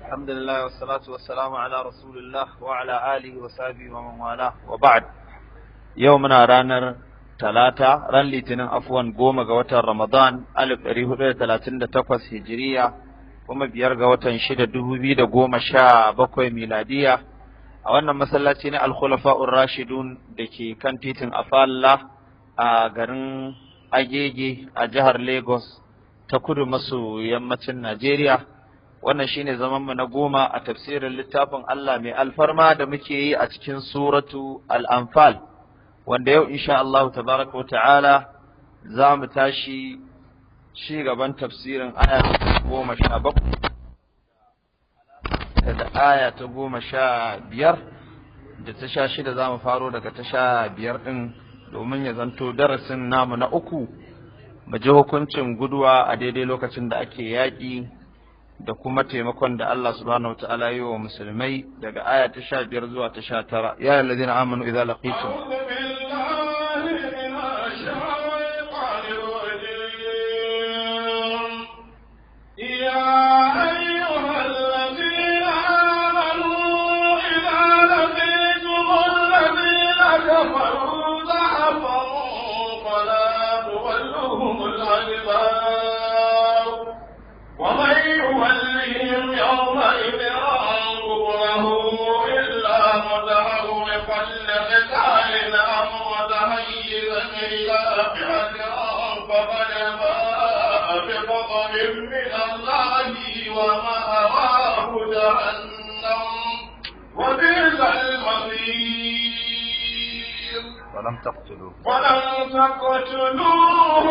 الحمد لله والصلاة والسلام على رسول الله وعلى آله وصحبه ومن والاه وبعد يومنا رانر ثلاثة ران لتنا عفوا قوم قوتا رمضان ألف ريهولة ثلاثين تقوس هجرية وما بيار وتن شدة دهوبي ده قوم شاء بكوي ميلادية أولنا مسلاتين الخلفاء الراشدون دكي كان تيتن أفال الله a garin agege a ta kudu maso yammacin Najeriya. Wannan shine zaman mu na goma a tafsirin littafin Allah mai alfarma da muke yi a cikin suratu al amfal wanda yau insha Allah tabaraka wa ta'ala za mu tashi shi gaban tafsirin aya goma sha bakwai da aya ta goma sha biyar da ta sha shida za mu faro daga ta sha biyar ɗin domin ya zanto darasin namu na uku mu ji hukuncin guduwa a daidai lokacin da ake yaƙi da kuma taimakon da Allah subhanahu wataala yi wa musulmai daga aya ta sha biyar zuwa ta sha tara ya alladhina amanu idza laqitum وسلمت علينا متهيئا الى بعدها فقد باء بفضل من الله ومأواه جهنم وبئس المصير ولم تقتلوه ولم تقتلوه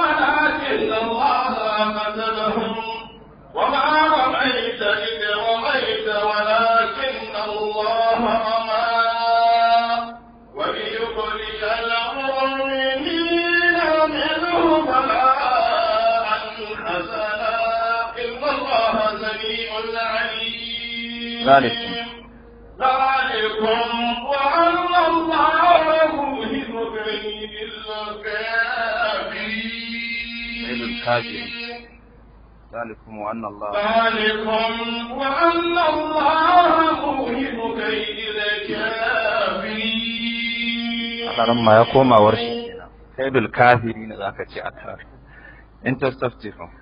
ولكن الله قتلهم وما رميت إذ ذلكم ذلكم وأن الله مهن كيد الكافرين الكافرين ذلكم وأن الله ذلكم وأن الله مهن كيد الكافرين أنا يقوم أورشي كيد الكافرين ذاك تي أثر أنت استفتهم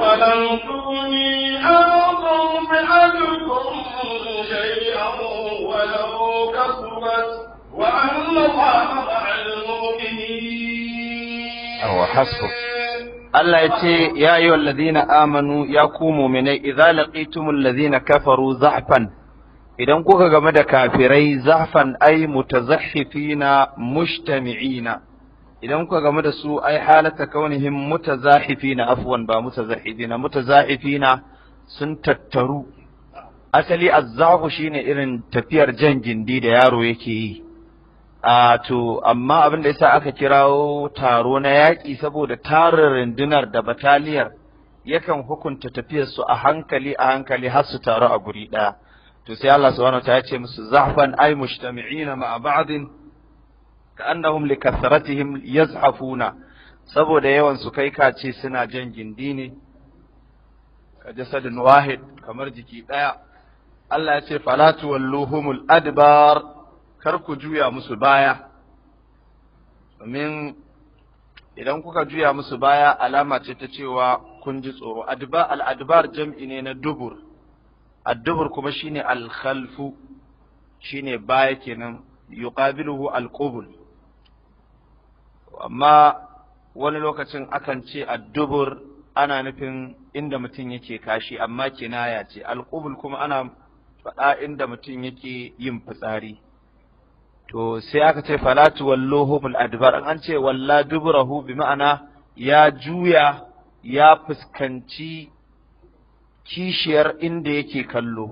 ولم تغني أرضهم شيئا ولو كثرت وأن الله مع المؤمنين أو حسبك الله يتي يا أيها الذين آمنوا يا كومو من إذا لقيتم الذين كفروا زحفا إذا نقوك غمد كافرين زحفا أي متزحفين مجتمعين idan kuka game da su ai halatta kaunihim mutazahifina afwan ba mutazahifina mutazahifina sun tattaru asali azzahu shine irin tafiyar jan gindi da yaro yake yi a to amma abin da yasa aka kirawo taro na yaƙi saboda tarin rundunar da bataliyar yakan hukunta tafiyar su a hankali a hankali har su taru a guri ɗaya to sai Allah subhanahu wa ta'ala ya ce musu zahfan ay mujtami'ina ma'a ba'din كأنهم لكثرتهم يزحفون saboda yawan su kai kace suna jan gindi ne ka jasadin wahid kamar jiki ɗaya. Allah ya ce fala tuwalluhumul idan kuka juya musu baya alama ce ta cewa kun ji tsoro adba al adbar jam'i ne na dubur ad-dubur kuma shine al khalfu shine baya kenan yuqabiluhu al qubul amma wani lokacin akan ce addubur ana nufin inda mutum yake kashi amma kinaya ce alqubul kuma ana faɗa inda mutum yake yin fitsari to sai aka ce falatu wallohumul adbar an ce walla duburahu bi ma'ana ya juya ya fuskanci kishiyar inda yake kallo